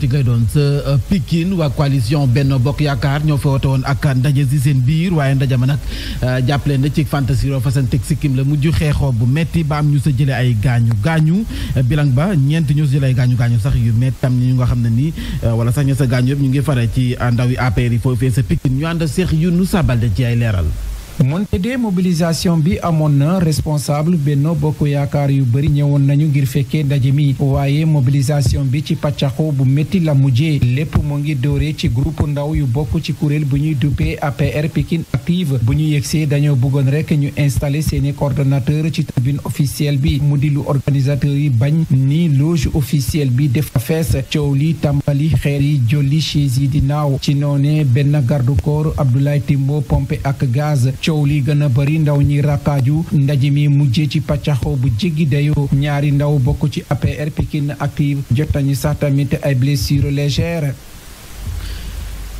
ci lay doon sa euh, Pikine waa coalition benn Bokk Yaakaar ñoo fa wote woon ak ndaje si seen biir waaye ndaje ma nag euh, jàppale na ci fantasiro fasan teg sikkim la mujj xeexoo bu metti ba am ñu sa jëlee ay gaañu gaañu euh, bilang ba ñeent ñu sa jëlee ay gaañu gaañu sax yu metti tam ñu nga xam ne nii wala sax ñu sa gaañu yëpp ñu ngi fare ci ndaw yi APR yi foofee sa Pikine ñu ànd nu Younou de ci ay leeral moonte de mobilisation bi amoon na responsable Benno Bokk Yaakaar yu bëri ñëwoon nañu ngir fekkee ndaje mi waaye mobilisation bi ci pàccaxoo bu métti la mujjee lépp mu ngi dóoree ci groupe ndaw yu bokk ci kuréel bu ñuy duppee APR Pikine Active bu ñu yegsee dañoo bëggoon rek ñu installé seeni coordonnateur ci tribune officielle bi mu di lu organisateur yi bañ ni loge officielle bi def fees coow li tàmbali xeer yi jolli chaise yi di naaw ci noonee benn garde corps Abdoulaye Timbo pompe ak gaz coow li gën a bëri ndaw ñi rakkaaju ndaje mi mujjee ci pàccaxoo bu jéggi dayoo ñaari ndaw bokk ci APR Pikine Active jot nañu sax tamit ay blessures légères.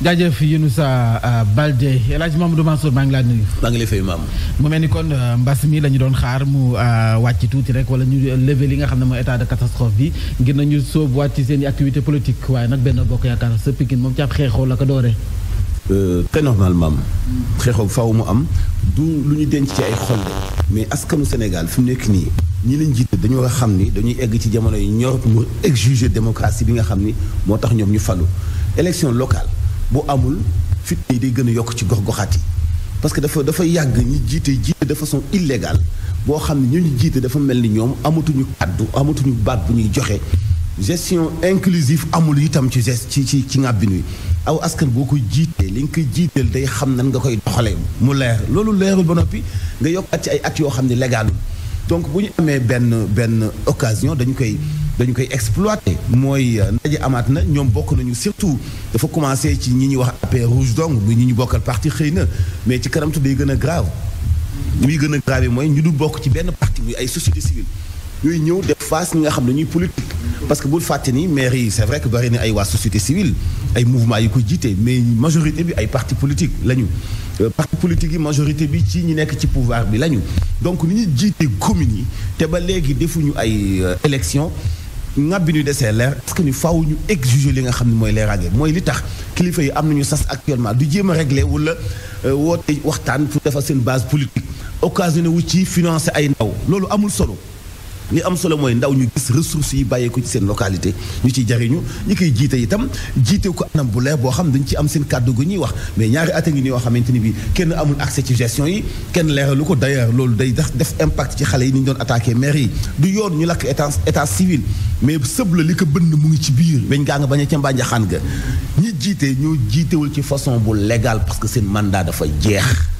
jaajëf Yunusa euh, Balde El Hadj Mamadou Mansour maa ngi laa nuyu. maa ngi lay fay maam. mu mel ni kon euh, mbas mi la ñu doon xaar mu euh, wàcc tuuti rek wala ñu lever li nga xam ne mooy état de catastrophe bi ngir nañu sóobuwaat ci seen i activité politique waaye nag benn bokk yaakaar sa Pikine moom ci ab xeexoo la ko dooree. Euh, très normalement xeexoo faaw mu am du lu ñu denc ci ay xol de mais askanu Sénégal fu mu nekk nii ñi leen jiite dañu xam ni dañuy egg ci jamono yi ñor mu exiger démocratie bi nga xam ni moo tax ñoom ñu falu élection locale bu amul fitna yi day gën a yokk ci gox-goxaat yi parce que dafa dafa yàgg ñi jiite jiite de façon illégale boo xam ne ñu ñu jiite dafa mel ni ñoom amatuñu kàddu amatuñu baat bu ñuy joxe gestion inclusive amul itam ci gest ci ci ci ngàbbin wi aw askan boo ko jiitee li nga koy jiiteel day xam nan nga koy doxalee mu leer loolu leerul ba noppi nga yokkaat ci ay at yoo xam ne légalul donc bu ñu amee benn benn occasion dañu koy dañu koy exploité mooy euh, ndaje amaat na ñoom bokk nañu surtout dafa commencé ci ñi ñuy wax appel rouge donc lu ñi ñu bokkal parti xëy na mais ci kanam tu day gën a grave li muy gën a grave mooy ñu du bokk ci benn parti muy ay société civile yooyu ñëw def face ñi nga xam ne ñuy politique parce que bul fàtte ni maire yi c'est vrai que bari na ay waa société civile ay mouvement yi ko jiite mais majorité bi ay parti politique lañu euh, parti politique yi majorité bi ci ñi nekk ci pouvoir bi lañu donc ni ñu jiite commune yi te ba léegi ñu ay euh, élection ngab bi ñu desee leer parce que ni faaw ñu exiger li nga xam ne mooy leeraange mooy li tax kilifa yi am ñu sas actuellement du jéem a régler wala euh, woote waxtaan pour defar seen base politique occasionné wu ci financer ay ndaw loolu amul solo li am solo mooy ndaw ñu gis ressources yi bàyyeeku ci seen localité ñu ciy jariñu ñi koy jiite itam jiite ko anam bu leer boo xam dañu ci am seen kàddu gu ñuy wax mais ñaari at a ngi ni yoo xamante ni bi kenn amul accès ci gestion yi kenn leeralu ko d'ailleurs loolu day def impact ci xale yi ni ñu doon attaqué maire yi du yoon ñu lakk état état civil mais sëb la li ko bënn mu ngi ci biir weñ gaa nga bañ a ca mbànjaxaan ga ñi jiite ñoo jiitewul ci façon bu légal parce que seen mandat dafa jeex